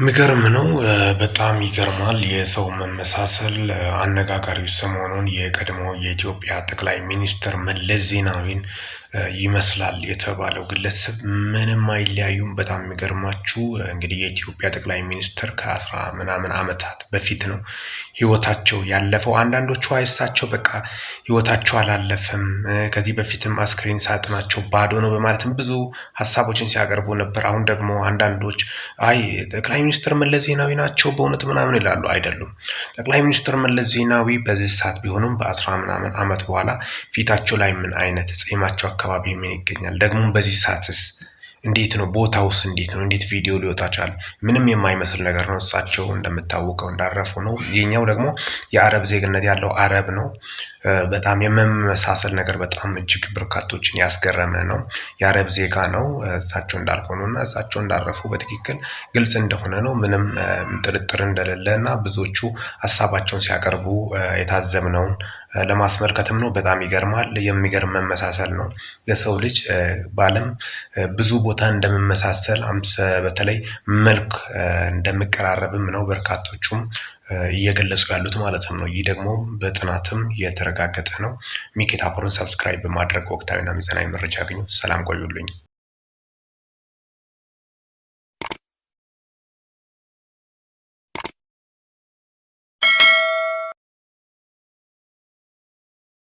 የሚገርም ነው። በጣም ይገርማል። የሰው መመሳሰል አነጋጋሪው ሰሞኑን የቀድሞ የኢትዮጵያ ጠቅላይ ሚኒስትር መለስ ዜናዊን ይመስላል የተባለው ግለሰብ ምንም አይለያዩም። በጣም የሚገርማችሁ እንግዲህ የኢትዮጵያ ጠቅላይ ሚኒስትር ከአስራ ምናምን ዓመታት በፊት ነው ህይወታቸው ያለፈው። አንዳንዶቹ አይሳቸው በቃ ህይወታቸው አላለፈም፣ ከዚህ በፊትም አስክሬን ሳጥናቸው ባዶ ነው በማለትም ብዙ ሀሳቦችን ሲያቀርቡ ነበር። አሁን ደግሞ አንዳንዶች አይ ጠቅላይ ሚኒስትር መለስ ዜናዊ ናቸው በእውነት ምናምን ይላሉ። አይደሉም። ጠቅላይ ሚኒስትር መለስ ዜናዊ በዚህ ሰዓት ቢሆኑም በአስራ ምናምን ዓመት በኋላ ፊታቸው ላይ ምን አይነት ጺማቸው አካባቢ ምን ይገኛል? ደግሞ በዚህ ሰዓትስ እንዴት ነው ቦታውስ እንዴት ነው? እንዴት ቪዲዮ ሊወጣ ቻለ? ምንም የማይመስል ነገር ነው። እሳቸው እንደምታወቀው እንዳረፉ ነው። የኛው ደግሞ የአረብ ዜግነት ያለው አረብ ነው። በጣም የመመሳሰል ነገር በጣም እጅግ በርካቶችን ያስገረመ ነው። የአረብ ዜጋ ነው። እሳቸው እንዳልሆኑ እና እሳቸው እንዳረፉ በትክክል ግልጽ እንደሆነ ነው። ምንም ጥርጥር እንደሌለ እና ብዙዎቹ ሀሳባቸውን ሲያቀርቡ የታዘብነውን ለማስመልከትም ነው። በጣም ይገርማል። የሚገርም መመሳሰል ነው። የሰው ልጅ በዓለም ብዙ ቦታ እንደምመሳሰል በተለይ መልክ እንደምቀራረብም ነው በርካቶቹም እየገለጹ ያሉት ማለትም ነው። ይህ ደግሞ በጥናትም የተረጋገጠ ነው። ሚኬታ ፖርን ሰብስክራይብ በማድረግ ወቅታዊና ሚዛናዊ መረጃ ያገኙ። ሰላም ቆዩልኝ።